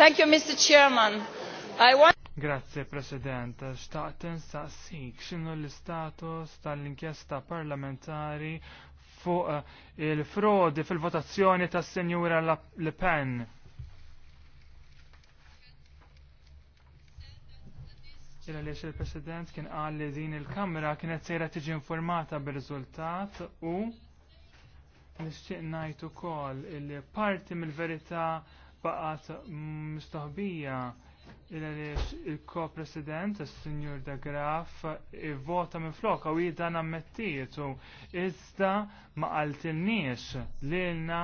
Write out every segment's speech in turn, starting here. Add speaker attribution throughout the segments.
Speaker 1: Thank you, Mr. Chairman. I want Grazie President, xtaqt insaqsik x'inhu l-istatus tal-inkjesta parlamentari fuq eh, il-frodi fil-votazzjoni tas senjura Le Pen. Illa lex il-President kien qal li din il-Kamra kienet sejra tiġi informata bir-riżultat u nixtieq ngħid ukoll il-parti mill-verità baqat mistoħbija il-għaliex il-ko-president, il-Sinjur da Graf, vota minn u għaw jidan u iżda ma għaltilniex l-ilna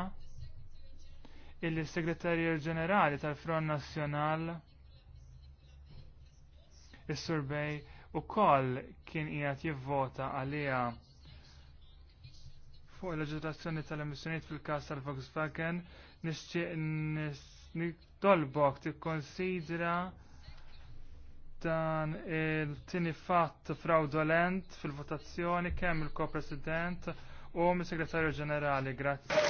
Speaker 1: il-Segretarju Ġenerali tal-Front Nazzjonal is-surbej u koll kien qiegħed jivvota għaliha fuq il-leġislazzjoni tal-emissjonijiet fil-każ tal-Volkswagen nixtieq nitolbok tikkonsidra dan il-tini fatt fraudolent fil-votazzjoni kemm il-ko-president u mis-segretarju ġenerali. Grazie.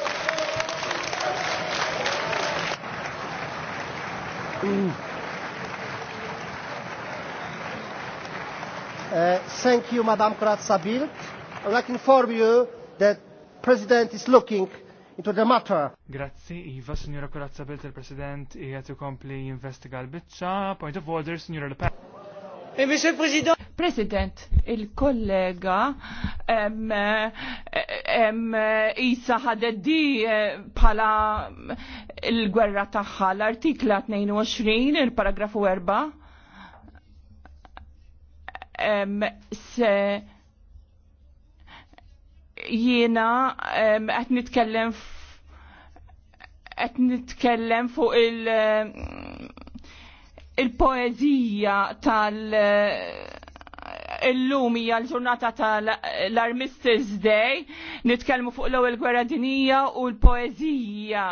Speaker 2: Uh, thank you, Madam kratza I'd like to inform you that President is looking into the matter.
Speaker 1: Grazzi, Iva, Signora Corazza Bilt, il-President, jgħet compli investiga l-bicċa. Point of order, Signora Le Pen.
Speaker 2: Eh, Monsieur le President.
Speaker 3: President, il-kollega Isa ħadeddi bħala eh, il-gwerra tagħha l-artikla 22, il-paragrafu 4. Se jiena qed nitkellem qed nitkellem fuq il- il-poezija tal- il-lumi l-ġurnata tal-Armistice Day, nitkellmu fuq l-ewwel gwerra dinija u l poezija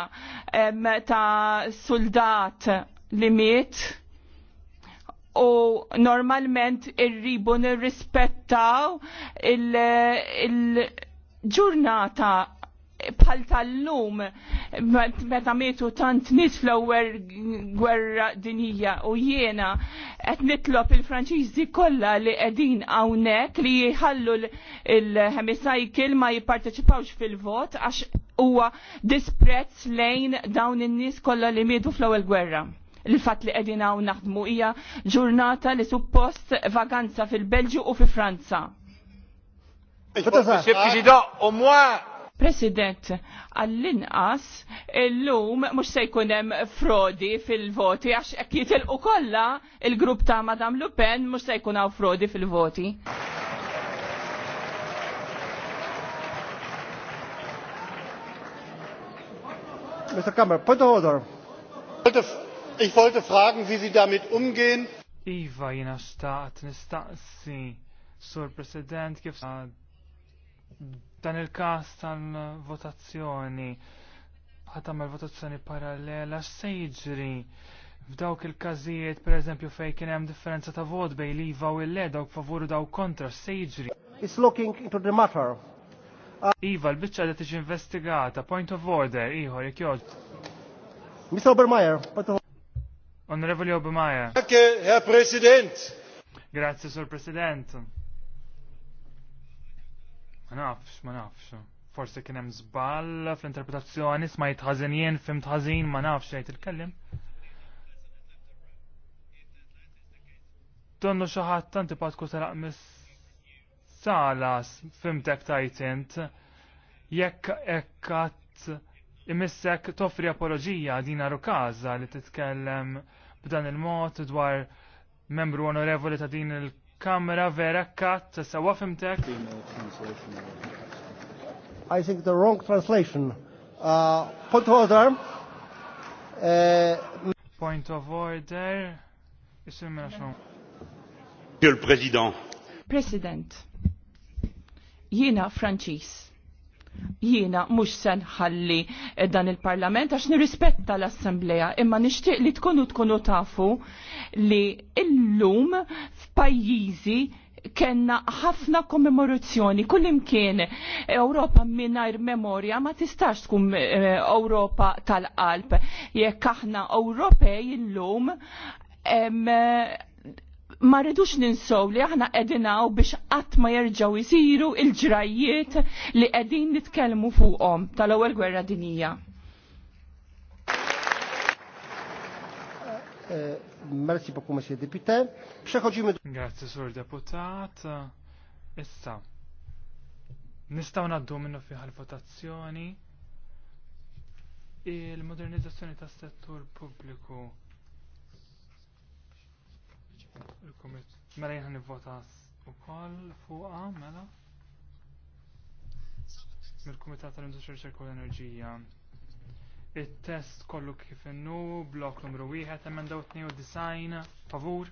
Speaker 3: ta' soldat li miet u normalment irribu nirrispettaw il-, il ġurnata bħal tal-lum meta mietu tant nis fl-ewwel gwerra dinija u jiena qed nitlob il-Franċiżi kollha li qegħdin hawnhekk li jħallu l hemisajkil ma jipparteċipawx fil-vot għax huwa disprezz lejn dawn in-nies kollha li mietu fl-ewwel gwerra il-fat li qegħdin hawn naħdmu hija ġurnata li suppost vaganza fil-Belġju u fi Franza. President, għall-inqas l-lum mux se jkunem frodi fil-voti, għax jekk u kolla il-grupp ta' Madam Le Pen mux se jkun hawn frodi fil-voti.
Speaker 1: Mr. Kammer, point of order.
Speaker 2: Ich wollte fragen, wie Sie damit
Speaker 1: umgehen. Iva jina staqt nistaqsi, Sur President, kif staqt dan il-kas tal-votazzjoni ħatam il-votazzjoni parallela x'se f'dawk il-każijiet pereżempju fejn kien hemm differenza ta' vot bej li iva u l-le dawk favur u dawk kontra x'se It's looking into the matter. Uh, iva, l-bicċa da tiġi investigata, point of order, iħor, jek joġ. Mr. Obermeyer, Onorevoli Obermeyer. Grazie, Herr President. Grazie, Sir President nafx, ma nafx. Forse kien hemm żball fl-interpretazzjoni smajt ħażin jien fim ħażin ma nafx jgħid il-kellim. Donnu xi ħadd antipatku saraq mis salas fimtek tajt int jekk ekkat imissek toffri apologija dina kaza li titkellem b'dan il-mod dwar membru onorevoli ta' din il- kamera vera kat sawa fimtek.
Speaker 2: I think the wrong
Speaker 1: translation. Uh, point of order. Uh, point of order. Monsieur le Président.
Speaker 3: Président. Jina Franċis jiena mhux se nħalli eh, dan il-Parlament għax nirrispetta l-Assembleja imma nixtieq li tkunu tkunu tafu li illum f'pajjiżi kenna ħafna kommemorazzjoni kullimkien eh, Ewropa mingħajr memorja ma tistax tkun eh, Ewropa tal-qalb jekk aħna Ewropej illum ma rridux ninsow li aħna edinaw biex qatt ma jerġgħu jsiru il-ġrajiet li qegħdin nitkellmu fuqhom tal-ewwel gwerra dinija.
Speaker 2: Eh, merci beaucoup, Monsieur le Député. Przechodzimy do...
Speaker 1: Grazie, Sur Deputat. Issa, nistaw naddu minnu fiħal votazzjoni il-modernizzazzjoni tas settur pubbliku il-komit mela jina nivvota wkoll fuqha mela mill-Kumitat tal-Industri Riċerka u l-Enerġija. It-test kollu kif innu, blok numru wieħed, emendaw 92, favur,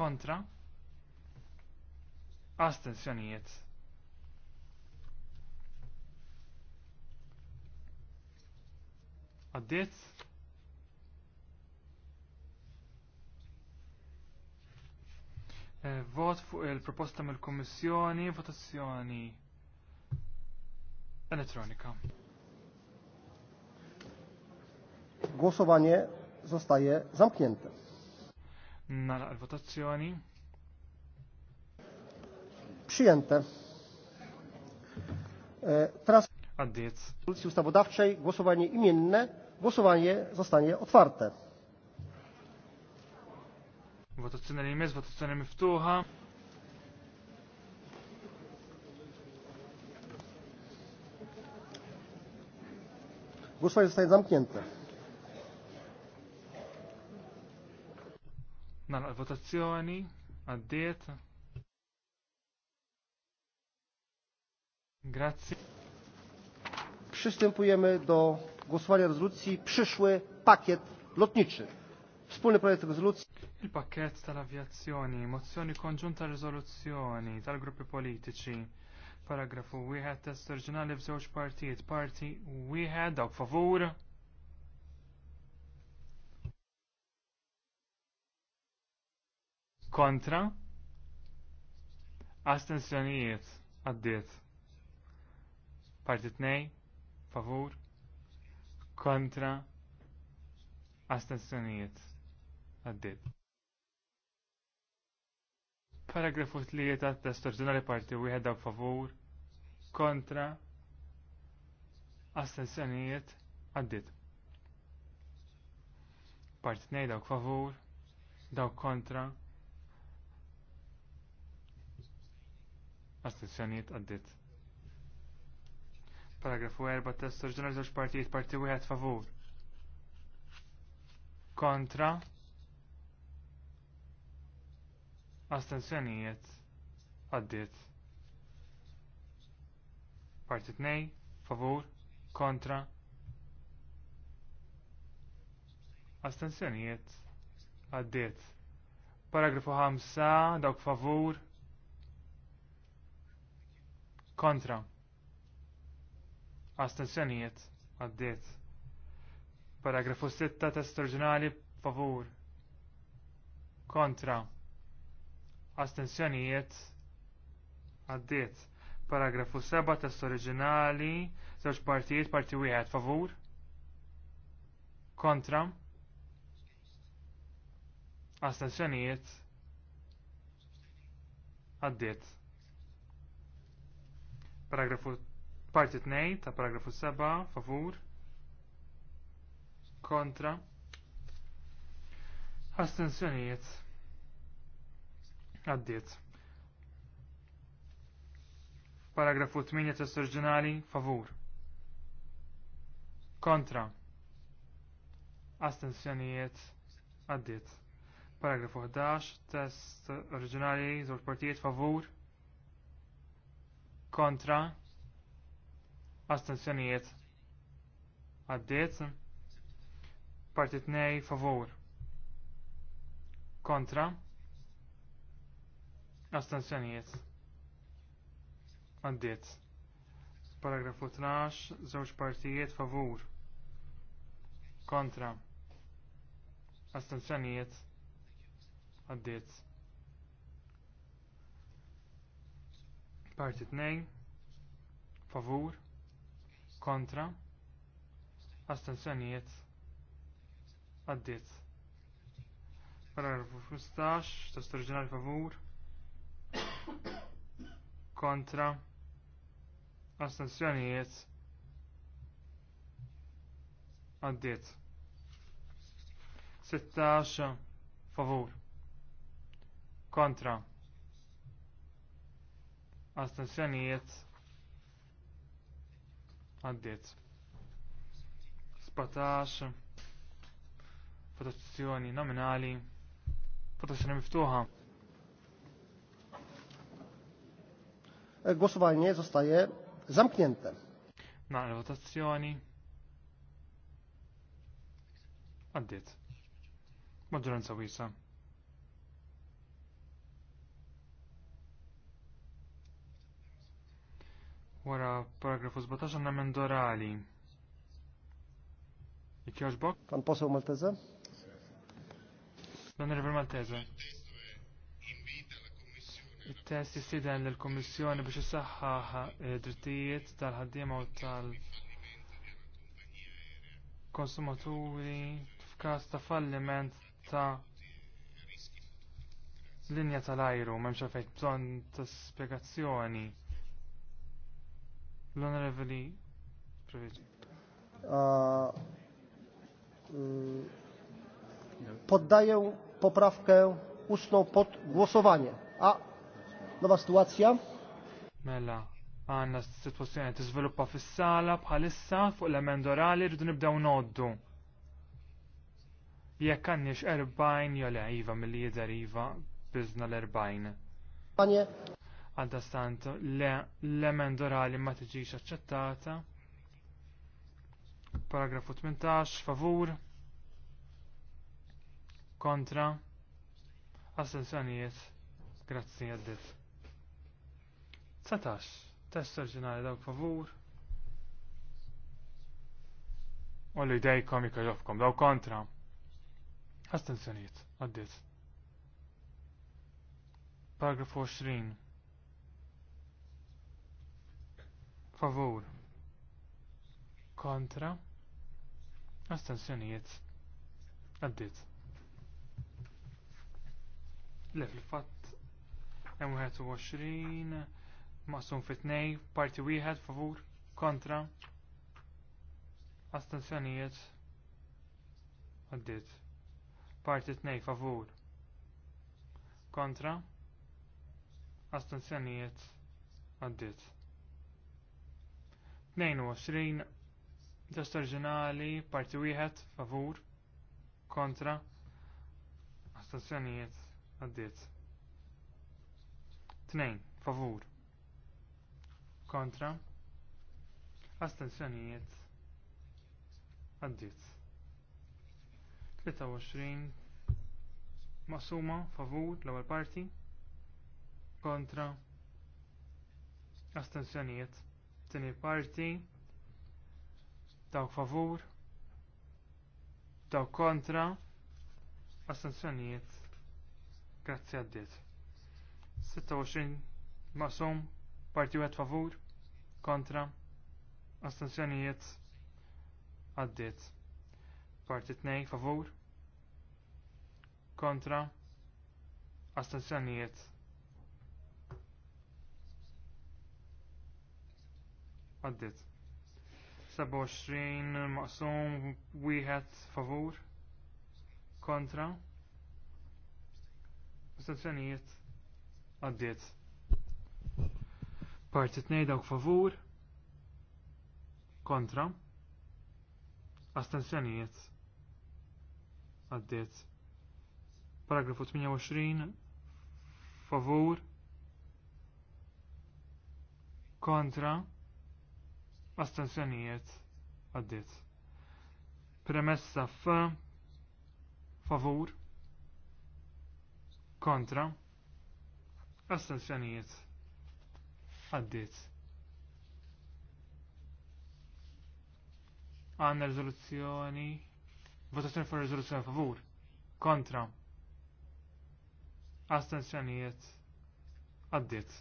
Speaker 1: kontra, astensjonijiet. Għaddiet? Eh, vot fuq il-proposta mill kommissjoni votazzjoni elettronika.
Speaker 2: Głosowanie zostaje zamknięte.
Speaker 1: Nara votazzjoni
Speaker 2: Przyjęte. E, teraz Addiec. Ustawodawczej głosowanie imienne. Głosowanie zostanie otwarte.
Speaker 1: Votazzjoni li jmiss, votazzjoni miftuħa.
Speaker 2: Głosowanie zostaje zamknięte.
Speaker 1: Nara votazzjoni, għaddiet. Grazie.
Speaker 2: Przystępujemy do głosowania rezolucji przyszły pakiet lotniczy.
Speaker 1: Wspólny projekt rezolucji. Il-pakket tal-avjazzjoni, mozzjoni konġunta riżoluzzjoni tal-gruppi politiċi, paragrafu wieħed test oriġinali f'żewġ partijiet, parti wieħed dawk favur. Kontra. Astensjonijiet għaddiet. Parti tnej, favur. Kontra. Astensjonijiet għaddiet. Paragrafu 3 ta' test oriġinali parti wieħed daw favur, kontra, astensjonijiet għaddit. Parti 2 dawk favur, dawk kontra, astensjonijiet għaddit. Paragrafu 4 test oriġinali żewġ partijiet parti wieħed favur, kontra, astensjonijiet għaddiet parti tnej favur kontra astensjonijiet għaddiet paragrafu 5 dawk favur kontra astensjonijiet għaddiet paragrafu 6 test oriġinali favur kontra astensjonijiet għaddiet. Paragrafu 7 test oriġinali, żewġ partijiet, parti wieħed favur, kontra, astensjonijiet għaddiet. Paragrafu parti 2 ta' paragrafu 7 favur, kontra, astensjonijiet Għaddiet. Paragrafu 8 test oriġinali favur. Kontra. Astenzjonijiet. għaddiet. Paragrafu 11 test oriġinali żewġ partijiet favur. Kontra. astenzjonijiet. għaddiet. Partijiet 2 favur. Kontra. Astenzjonijiet. Għaddiet. Paragrafu 12, żewġ partijiet favur. Kontra. Astenzjonijiet. Għaddiet. Parti 2, favur. Kontra. Astenzjonijiet. Għaddiet. Paragrafu 15, test oriġinali favur kontra astensjonijiet għaddiet 16 favur kontra astensjonijiet għaddiet 17 votazzjoni nominali votazzjoni miftuħa
Speaker 2: Głosowanie zostaje zamknięte.
Speaker 1: Naqra votazzjoni. Għaddiet. Maġġoranza wisa. Wara paragrafu 17 għandna mendorali. bok?
Speaker 2: Pan poseł Malteze?
Speaker 1: Dan Malteze. Il-test jistiden l-Komissjoni biex isaħħaħ eh, drittijiet tal-ħaddiema u tal-konsumaturi f'każ ta' falliment ta' linja tal-ajru, memx għafajt bżon ta' spiegazzjoni. L-Onorevoli Prevedi.
Speaker 2: Mm, poddaję poprawkę ustną pod głosowanie. A Nova situazzja?
Speaker 1: Mela, għanna situazzjoni tiżviluppa fis-sala bħalissa fuq l-emend orali rridu nibdew noddu. Jekk għandniex 40 jew le iva milli jidher iva biżna l-40. le l-emend orali ma tiġix aċċettata. Paragrafu 18, favur. Kontra. Assenzjonijiet. Grazzi għaddit. Satax, test oriġinali dawk favur. U li dejkom ġofkom, daw kontra. Astenzjoniet, għaddit. Paragrafu 20. Favur. Kontra. Astenzjoniet, għaddit. Le fat fatt 21 maqsum fit-tnej, parti wieħed favur kontra astensjonijiet għaddit. Parti tnej favur kontra astensjonijiet għaddit. 22 test oriġinali parti wieħed favur kontra astensjonijiet għaddit. 2 favur kontra astensjonijiet għaddit 23 maqsuma favur l-ewwel parti kontra astensjonijiet tieni parti dawk favur dawk kontra astensjonijiet grazzi għaddiet 26 maqsum parti wieħed favur kontra astensjonijiet għaddiet partit nej favur kontra astensjonijiet għaddiet 27 maqsum wieħed favur kontra astensjonijiet għaddiet Parti tnej dawk favur. Kontra. Astensjonijiet. Għaddiet. Paragrafu 28. Favur. Kontra. Astensjonijiet. Għaddiet. Premessa f. Favur. Kontra. Astensjonijiet għaddit. Għanna rezoluzzjoni. votazzjoni fuq rezoluzzjoni favur, kontra, astensjonijiet, għaddit.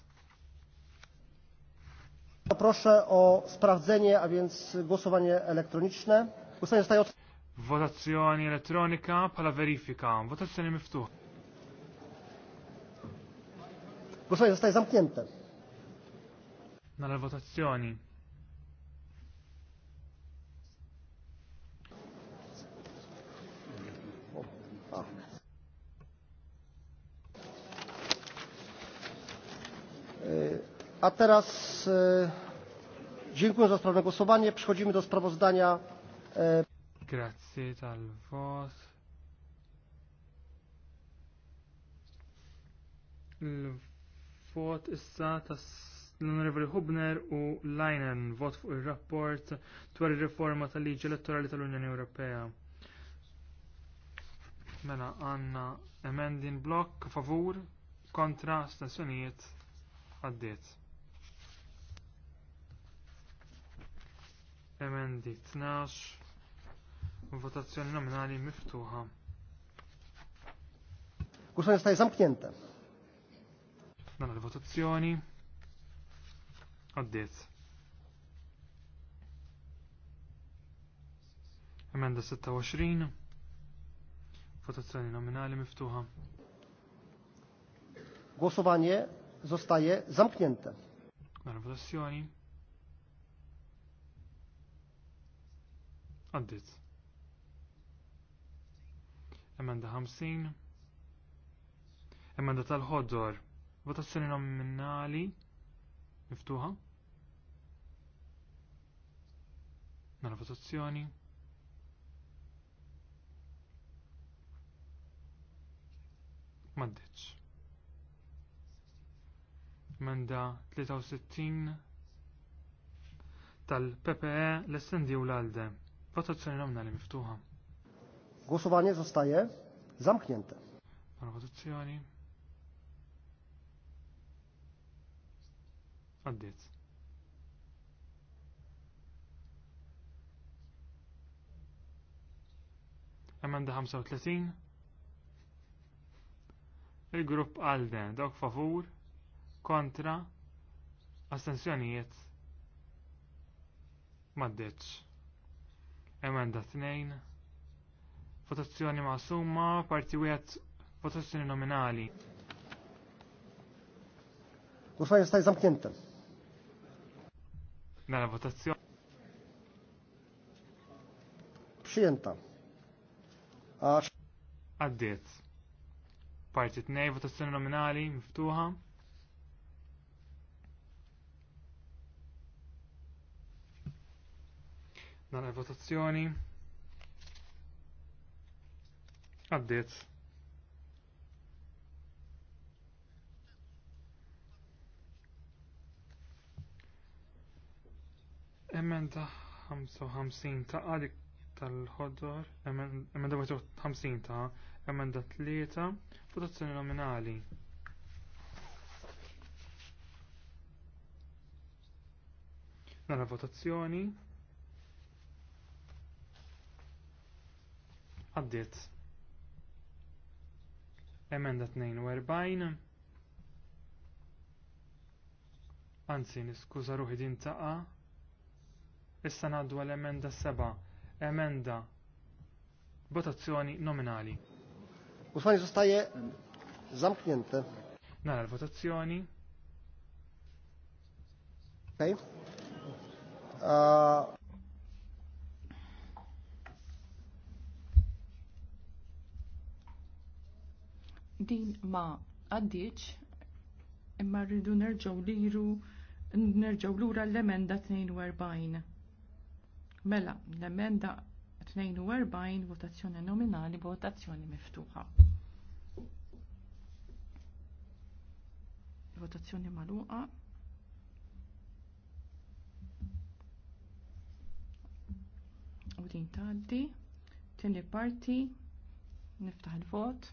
Speaker 2: Proszę o sprawdzenie, a więc głosowanie elektroniczne. Głosowanie zostaje otwarte.
Speaker 1: Votazzjoni elettronika pala verifika. Votazzjoni miftuħ. Głosowanie zostaje zamknięte nara votazzjoni.
Speaker 2: A teraz e, dziękuję za sprawne głosowanie. Przechodzimy do sprawozdania.
Speaker 1: E... Grazie tal vot. Il vot issa tas l-Onorevoli Hubner u Leinen vot fuq ir rapport dwar ir-riforma tal-liġi elettorali tal-Unjoni Ewropea. Mela għandna emendin blok favur kontra stazzjonijiet għaddiet. Emendi 12 votazzjoni nominali miftuħa.
Speaker 2: Kuxa jistaj zamknjenta? Mela,
Speaker 1: Nara l-votazzjoni. Għaddiet. Emenda 26. Votazzjoni nominali miftuħa.
Speaker 2: Głosowanie zostaje
Speaker 1: zamknięte. Votazzjoni. Għaddiet. Emenda 50. Emenda tal-ħoddor. Votazzjoni nominali miftuħa nara votazzjoni maddeċ menda 63 tal-PPE l-essendi u l-alde votazzjoni nominali miftuħa Głosowanie zostaje zamknięte. Pan votazzjoni. Għaddit. Emenda 35. Il-grupp għalde dawk favur kontra astensjonijiet maddeċ. Emenda 2. Votazzjoni ma' summa parti wieħed votazzjoni nominali.
Speaker 2: Għuxaj jistaj zamkjenta.
Speaker 1: Mela votazzjoni. Xienta. Għaddiet. Parti t-nej votazzjoni nominali miftuħa. Nara votazzjoni. Għaddiet. Emenda 55 ta' għalik tal-ħodor, emenda 50 ta' emenda 3, votazzjoni nominali. Nara votazzjoni. Għaddiet. Emenda 42. Anzi, niskuża ruħi din taqa' Issa ngħaddu għall emenda seba, emenda votazzjoni nominali.
Speaker 2: Għusfani zostaje zamknjente.
Speaker 1: Nara l-votazzjoni.
Speaker 2: Okay. Uh...
Speaker 3: Din ma għaddiċ imma rridu nerġaw liru nerġaw lura l-emenda 42. Mela, l-emenda 42 votazzjoni nominali votazzjoni miftuħa. Votazzjoni maluqa. U din tgħaddi. Tieni parti niftaħ il-vot.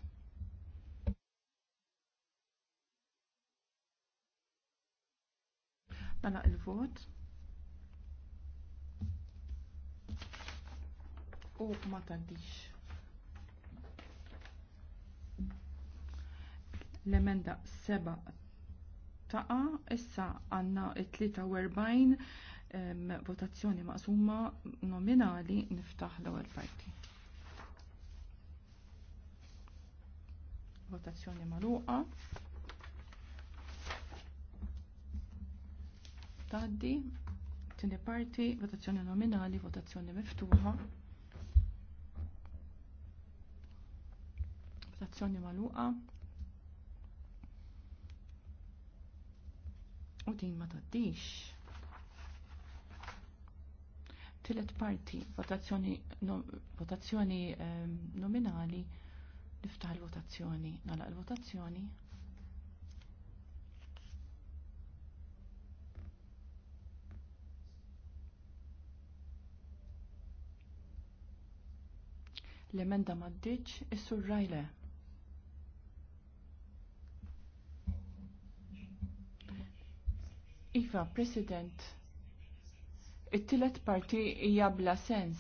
Speaker 3: Nalaq il-vot. il vot nalaq il vot nalaq il vot u ma tandix. L-emenda 7 taqa, issa għanna 43 votazzjoni maqsuma nominali niftaħ l-ewwel parti. Votazzjoni maluqa. Taddi, tini parti, votazzjoni nominali, votazzjoni miftuħa. votazzjoni maluqa. U din ma taddix. Tilet parti, votazzjoni, votazzjoni ehm, nominali, niftaħ il-votazzjoni, nalaq il-votazzjoni. l-emenda maddiċ is-surrajle. Iva, President, it tillet parti hija bla sens.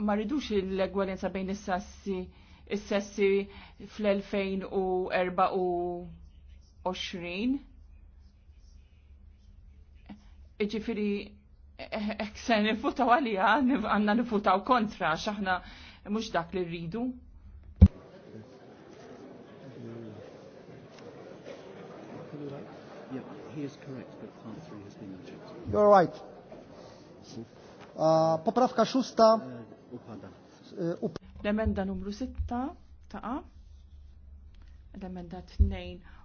Speaker 3: Ma ridux l-egwalenza bejn is-sassi is-sessi fl-2024. Iġifiri, eksen nifutaw għalija, għanna nifutaw kontra, xaħna mux dak li rridu.
Speaker 2: he is correct, that part three has been rejected. You're right. Uh, Poprawka szósta. E, e, l-emenda numru sitta
Speaker 3: taqa. L-emenda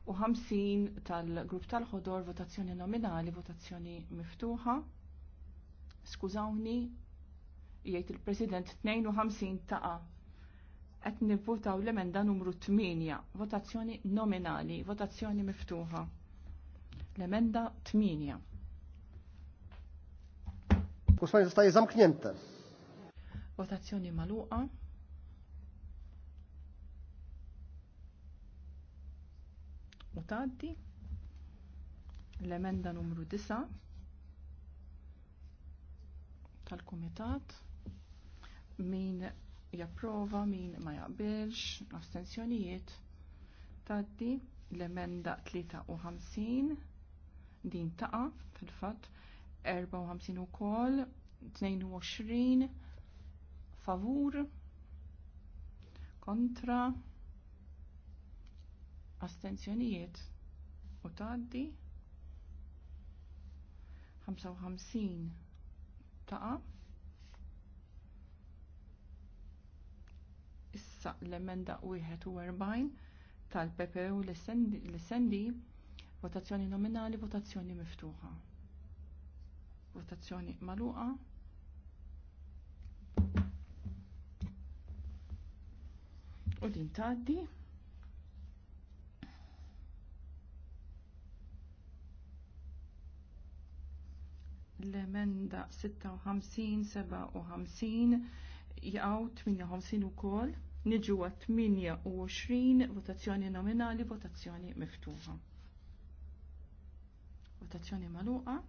Speaker 3: u hamsin tal-grupp tal-ħodor votazzjoni nominali, votazzjoni miftuħa. Skużawni, jgħid il-President 52 ta'. Qed nivvotaw l-emenda numru 8, votazzjoni nominali, votazzjoni miftuħa l-emenda 8.
Speaker 2: Głosowanie zostaje zamknięte.
Speaker 3: Votazzjoni maluqa.
Speaker 2: U taddi.
Speaker 3: L-emenda numru 9 tal-Kumitat. Min japprova, min ma jaqbilx, astensjonijiet. Taddi l-emenda 53 din taqa fil-fatt 54 ukoll 22 favur kontra astenzjonijiet u tgħaddi 55 taqa issa l-emenda u 41 tal-PPU l-SND Votazzjoni nominali, votazzjoni miftuħa. Votazzjoni maluqa. U din taddi. L-emenda 56-57 jgħaw 58 u kol. Niġu 28 votazzjoni nominali, votazzjoni miftuħa. Votazzjoni maluqa.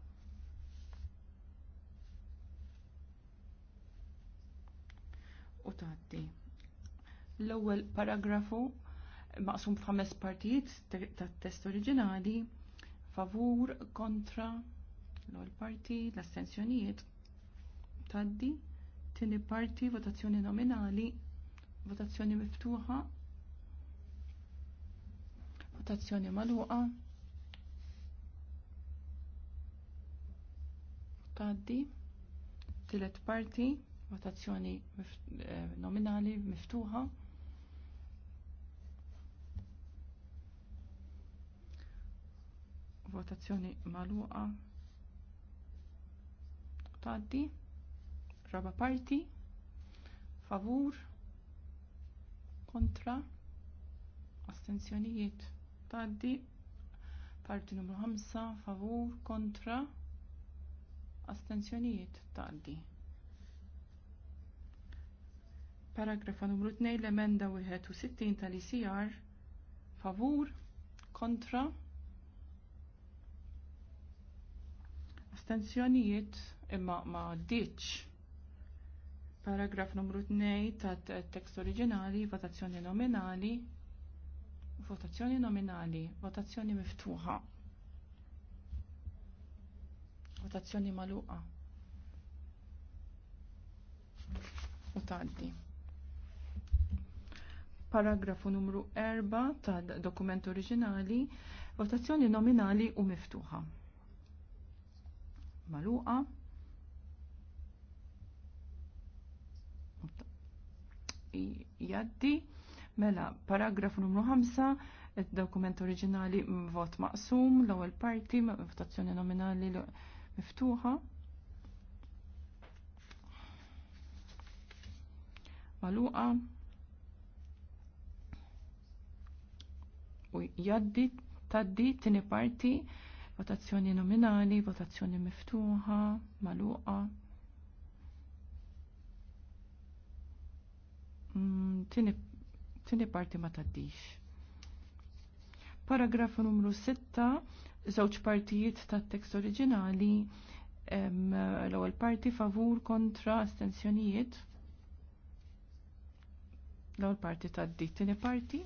Speaker 3: U tatti L-ewwel paragrafu maqsum f'ħames partijiet tat-test oriġinali favur kontra l-ewwel parti l-astensjonijiet tgħaddi tieni parti votazzjoni nominali votazzjoni miftuħa votazzjoni magħluqa tgħaddi. Tilet parti, votazzjoni eh, nominali miftuħa. Votazzjoni magħluqa tgħaddi. Raba parti, favur, kontra, astenzjonijiet tgħaddi parti numru 5 favur kontra astenzjonijiet tgħaddi. Paragrafa numru 2 l-emenda 61 tal-ICR favur kontra astenzjonijiet imma ma ditx. Paragraf numru 2 tat tekst oriġinali, votazzjoni nominali, votazzjoni nominali, votazzjoni miftuħa. Votazzjoni maluqa. U tgħaddi. Paragrafu numru 4 tad dokument oriġinali, votazzjoni nominali u miftuħa. Maluqa. Jaddi. Mela, paragrafu numru 5, id dokument oriġinali vot maqsum, l-ewwel parti, votazzjoni nominali miftuħa. Maluqa. U jaddi taddi tini parti votazzjoni nominali, votazzjoni miftuħa, maluqa. Mm, tini, tini parti ma taddix. Paragrafu numru 6 żewġ partijiet tat-tekst oriġinali l-ewwel parti favur kontra astensjonijiet l-ewwel parti tad-di tieni parti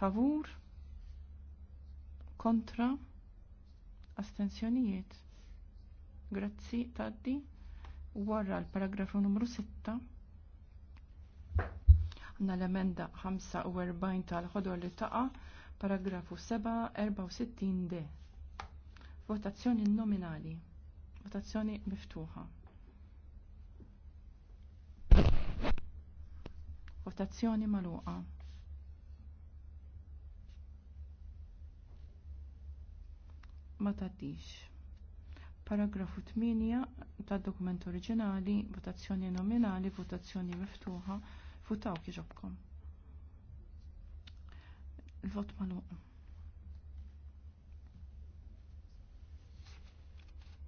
Speaker 3: favur kontra astensjonijiet grazzi tgħaddi wara l-paragrafu numru 6 għandna l-emenda 45 tal-ħodor li taqa' Paragrafu 764 d Votazzjoni nominali. Votazzjoni miftuħa. Votazzjoni maluqa. Ma taddix. Paragrafu 8 tad dokument oriġinali, votazzjoni nominali, votazzjoni miftuħa, votaw kieġobkom. Vot maluq.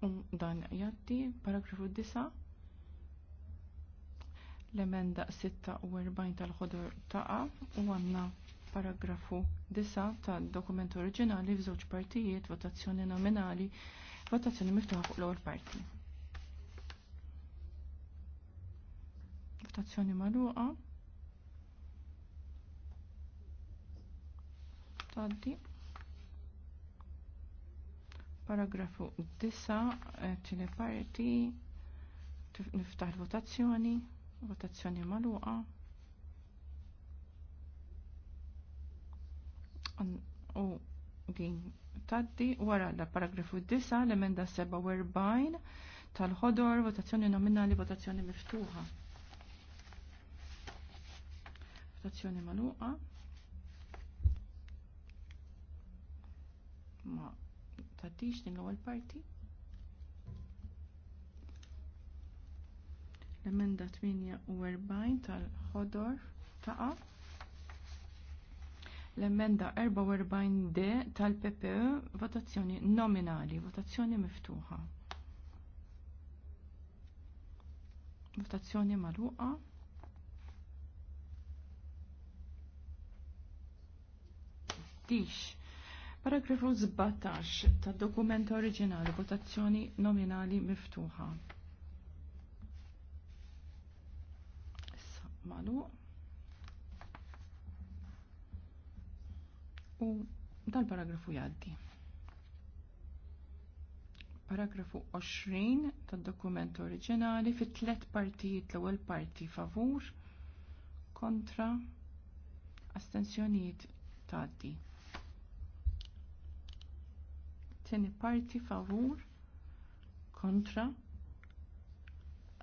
Speaker 3: Um, dan jaddi, paragrafu 9, l-emenda 46 tal-ħodur taqa u għanna paragrafu 9 tad-dokument oriġinali f'żewġ partijiet, votazzjoni nominali, votazzjoni miftuħa fuq l-ewwel parti. Votazzjoni magħluqa. tgħaddi. Paragrafu 9 eh, tieni parti niftaħ votazzjoni, votazzjoni magħluqa. U din taddi, wara l-paragrafu 9 l-emenda 47 tal-ħodor, votazzjoni nominali, votazzjoni miftuħa. Votazzjoni magħluqa. ma taddix din l-ewwel parti. L-emenda 48 tal-ħodor taqa. L-emenda 44 d tal-PPE votazzjoni nominali, votazzjoni miftuħa. Votazzjoni magħluqa. Dix Paragrafu 17 tad dokument oriġinali votazzjoni nominali miftuħa. malu. U dal-paragrafu jaddi. Paragrafu 20 tad dokument oriġinali fit tlet partijiet l-ewwel parti favur kontra astensjonijiet tgħaddi Tieni parti favur kontra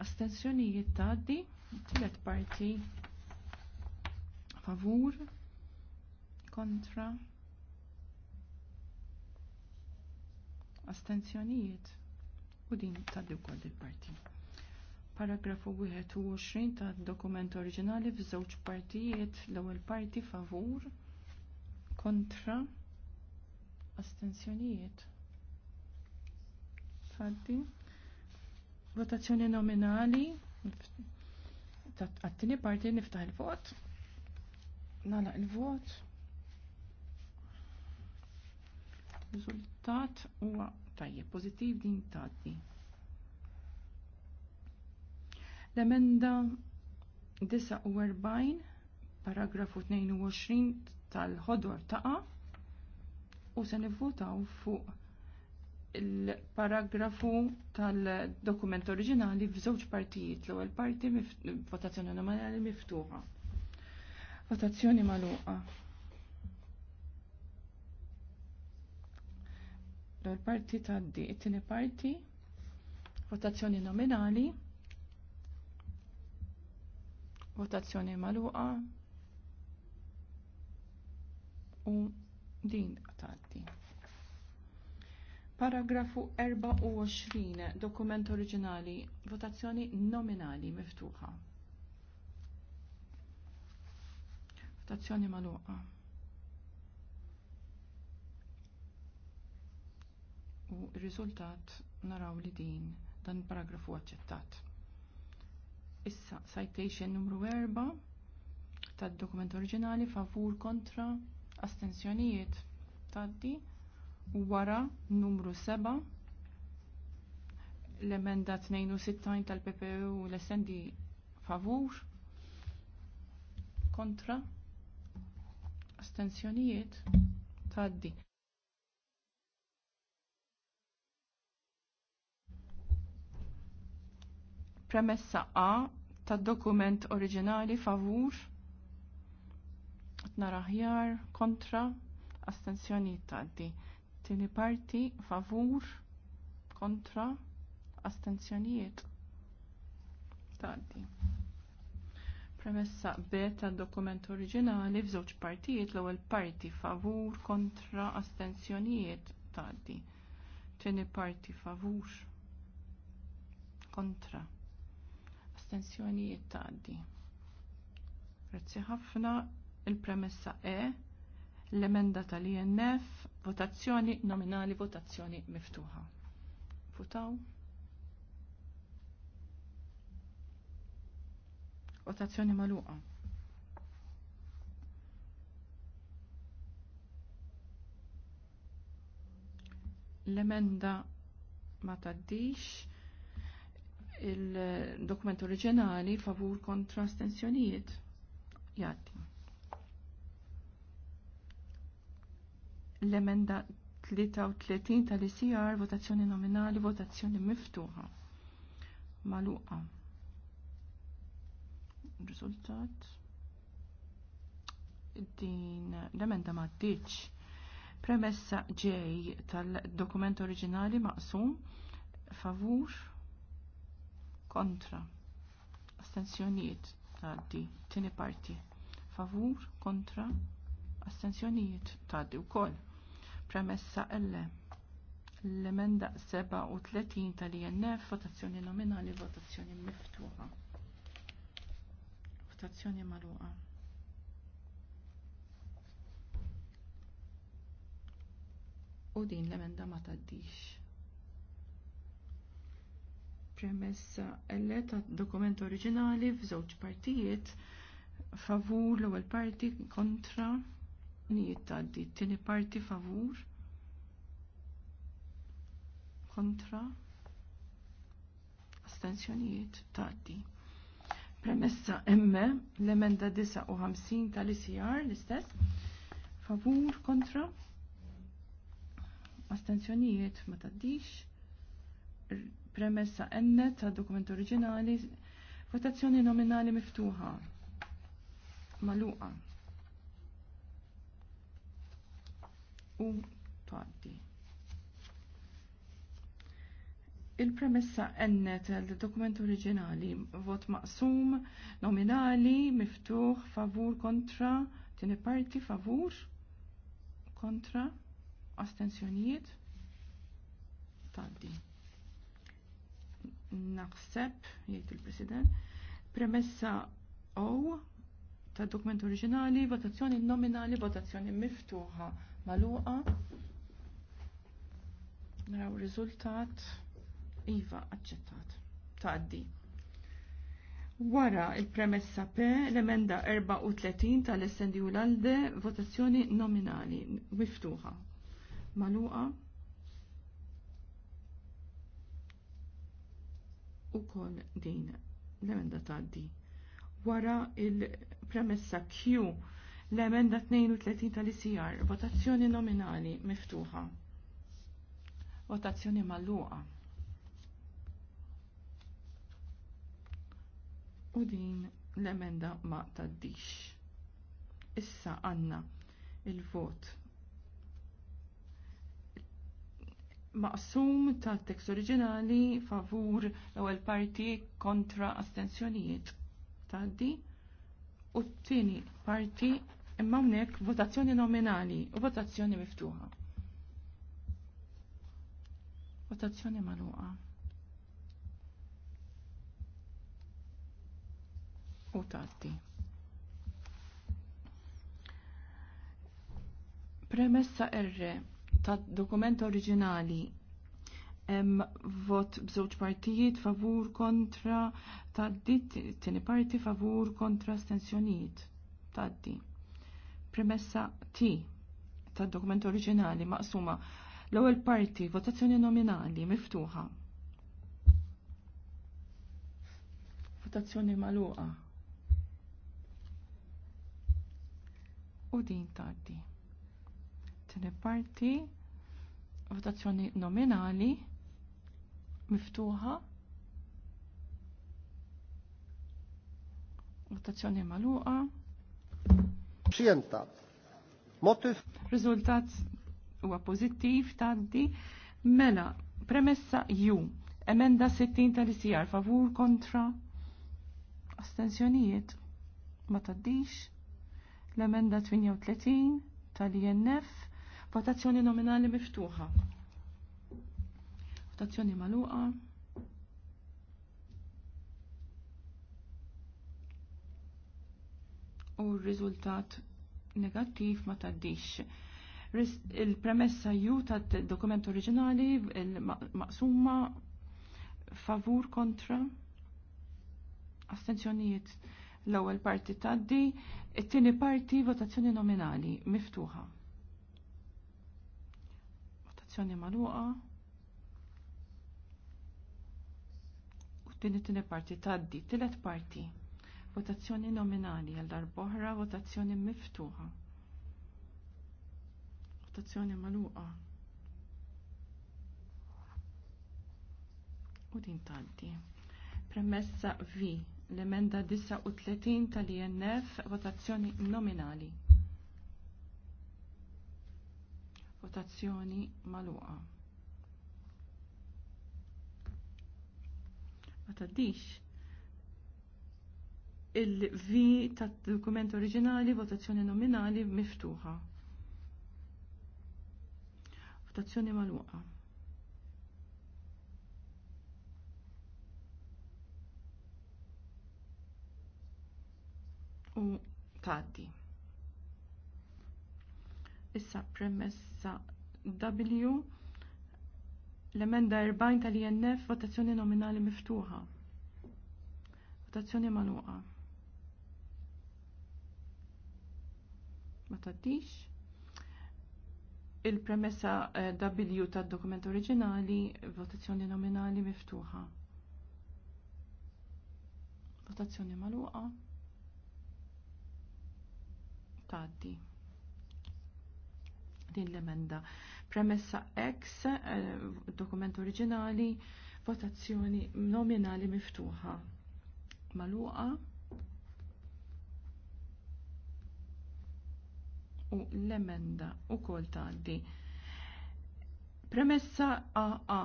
Speaker 3: astensjonijiet tgħaddi. tliet parti favur kontra astensjonijiet u din tgħaddi wkoll il-parti. Paragrafu 21 ta' dokument oriġinali f'żewġ partijiet l-ewwel parti favur kontra astenzjonijiet. Fatti, Votazzjoni nominali. Għattini parti niftaħ il-vot. Nalaq il-vot. Riżultat huwa tajjeb pożittiv din tgħaddi. L-emenda 49 paragrafu 22 tal-ħodor taqa' u se nivvotaw fuq il-paragrafu tal-dokument oriġinali f'żewġ partijiet l-ewwel parti votazzjoni nominali miftuħa. Votazzjoni magħluqa. L-ewwel parti tad-di, it-tieni parti votazzjoni nominali votazzjoni magħluqa u Din tgħaddi. Paragrafu 24, dokument oriġinali, votazzjoni nominali miftuħa. Votazzjoni magħluqa. U r-riżultat naraw li din dan paragrafu aċċettat. Issa citation numru 4 tad-dokument oriġinali favur kontra astensjonijiet taddi wara numru 7 l-emenda 62 tal-PPU l essendi favur kontra astensjonijiet taddi premessa A tad dokument oriġinali favur naraħjar aħjar, kontra, astensjonijiet tgħaddi. Tieni parti favur, kontra, astensjonijiet taddi. Premessa beta tad dokument oriġinali f'żewġ partijiet l-ewwel parti favur kontra astensjonijiet tgħaddi. Tieni parti favur kontra astensjonijiet tgħaddi. Grazzi ħafna il-premessa E, l-emenda tal-INF, votazzjoni nominali, votazzjoni miftuħa. Votaw. Votazzjoni maluqa. L-emenda ma taddix il-dokument oriġinali favur kontra stensjonijiet. Jaddi. l-emenda 33 tal-ICR, votazzjoni nominali, votazzjoni miftuħa. Maluqa. Riżultat. Din l-emenda ma Premessa J tal-dokument oriġinali maqsum favur kontra astensjonijiet taddi tini parti favur kontra astensjonijiet tgħaddi u koll Premessa L. L-emenda 37 tal-INF, votazzjoni nominali, votazzjoni miftuħa. Votazzjoni magħluqa. U din l-emenda ma taddix. Premessa L ta' dokument oriġinali f'żewġ partijiet favur l-ewwel parti kontra Nijiet taddi. Tini parti favur. Kontra. Astenzjonijiet taddi. Premessa emme l-emenda 59 tal-ICR l-istess. Favur kontra. astensjonijiet ma taddix. Premessa enne ta' dokument oriġinali. Votazzjoni nominali miftuħa. Maluqa. u tgħaddi. Il-premessa ennet l-dokument oriġinali, vot maqsum, nominali, miftuħ, favur, kontra, tini parti, favur, kontra, astensjonijiet, taddi. Naħseb, jgħid il-President, premessa O ta' dokument oriġinali, votazzjoni nominali, votazzjoni miftuħa maluqa. Naraw riżultat iva aċċettat. Tgħaddi. Wara il-premessa P, l-emenda 34 tal essendi u l-ALDE, votazzjoni nominali, miftuħa. Maluqa. U kol din l-emenda tgħaddi. Wara il-premessa Q L-emenda 32 tal-ICR, votazzjoni nominali miftuħa. Votazzjoni malluqa. U din l-emenda ma taddix. Issa għanna il-vot maqsum ta' tekst oriġinali favur l-ewwel parti kontra astensjonijiet taddi u t-tieni parti imma hawnhekk votazzjoni nominali u votazzjoni miftuħa. Votazzjoni magħluqa. U tgħaddi. Premessa R tad dokument oriġinali hemm vot b'żewġ partijiet favur kontra ditt tieni parti favur kontra stensjonijiet taddi. Premessa T tad dokument oriġinali maqsuma l-ewwel parti votazzjoni nominali miftuħa. Votazzjoni magħluqa. U din tardi. Tieni parti votazzjoni nominali miftuħa. Votazzjoni magħluqa. Przyjęta. Motyw. Rizultat huwa pożittiv taddi. Mela, premessa ju. Emenda 60 tal-ICR favur kontra astensjonijiet ma taddix. L-emenda 38 tal-INF votazzjoni nominali miftuħa. Votazzjoni maluqa. u r-riżultat negattiv ma taddix. Il-premessa ju tad dokument oriġinali il-maqsuma favur kontra astenzjonijiet l-ewwel parti taddi, it-tieni parti votazzjoni nominali miftuħa. Votazzjoni magħluqa. U t-tieni parti taddi, tielet parti votazzjoni nominali għal darboħra votazzjoni miftuħa. Votazzjoni maluqa. U din tanti. Premessa V l-emenda 39 tal-INF votazzjoni nominali. Votazzjoni maluqa. Ma taddix il-V tad dokument oriġinali votazzjoni nominali miftuħa. Votazzjoni mal U taddi. Issa premessa W l-emenda 40 tal-INF votazzjoni nominali miftuħa. Votazzjoni mal ma taddix. Il-premessa eh, W tad dokument oriġinali, votazzjoni nominali miftuħa. Votazzjoni maluqa. Taddi. Din l-emenda. Premessa X, eh, dokument oriġinali, votazzjoni nominali miftuħa. Maluqa. u l-emenda wkoll tgħaddi. Premessa AA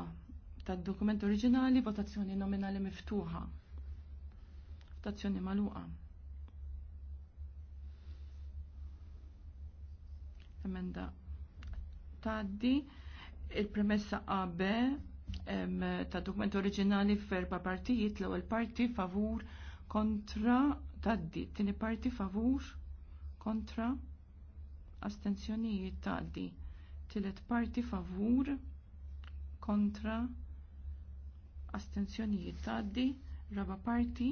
Speaker 3: tad-dokument oriġinali votazzjoni nominali miftuħa. Votazzjoni magħluqa. Emenda tgħaddi il-premessa AB ta' dokument oriġinali f'erba' partijiet l-ewwel parti favur kontra taddi, tieni parti favur kontra astenzjonijiet tgħaddi. Tielet parti favur kontra astenzjonijiet tgħaddi. Raba parti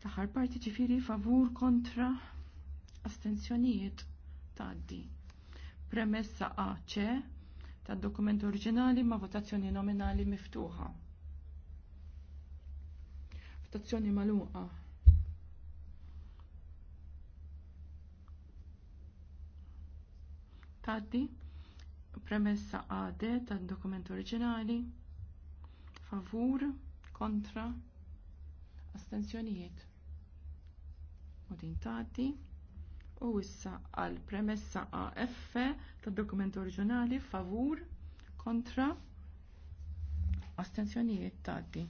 Speaker 3: l-aħħar parti ġifieri favur kontra astenzjonijiet tgħaddi. Premessa AC tad-dokument oriġinali ma' votazzjoni nominali miftuħa. Votazzjoni magħluqa. taddi premessa AD tad dokument oriġinali favur kontra astensjonijiet u din tgħaddi. u issa għal premessa AF tad dokument oriġinali favur kontra astensjonijiet taddi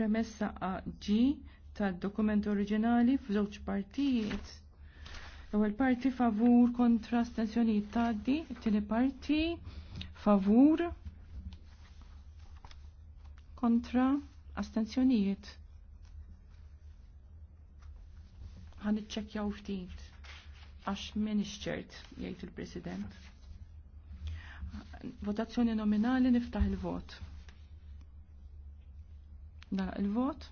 Speaker 3: premessa AG tad dokument oriġinali f'żewġ partijiet L-ewwel parti favur kontra astensjonijiet tgħaddi, it-tieni parti favur kontra astenzjonijiet? Ħan iċċekkjaw ftit għax min jgħid il-President. Votazzjoni nominali niftaħ il-vot. da il-vot.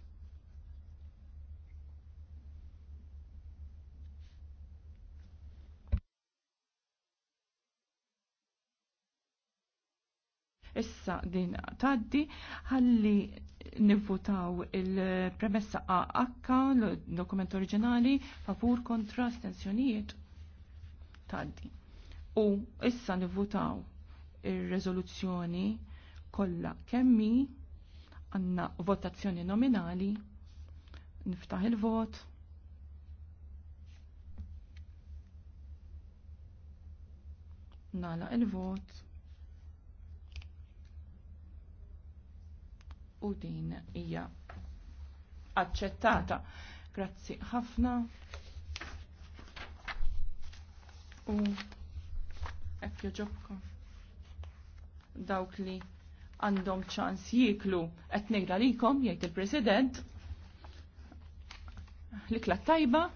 Speaker 3: Issa din taddi ħalli nivvutaw il-premessa AH, l-dokument oriġinali, favur kontra stenzjonijiet taddi. U issa nivvutaw il-rezoluzzjoni kollha kemmi għanna votazzjoni nominali, niftaħ il-vot. Nala il-vot. u din hija aċċettata. Grazzi ħafna. U ekk joġobkom. Dawk li għandhom ċans jiklu qed ngħidra lilkom jgħid il-President l-ikla tajba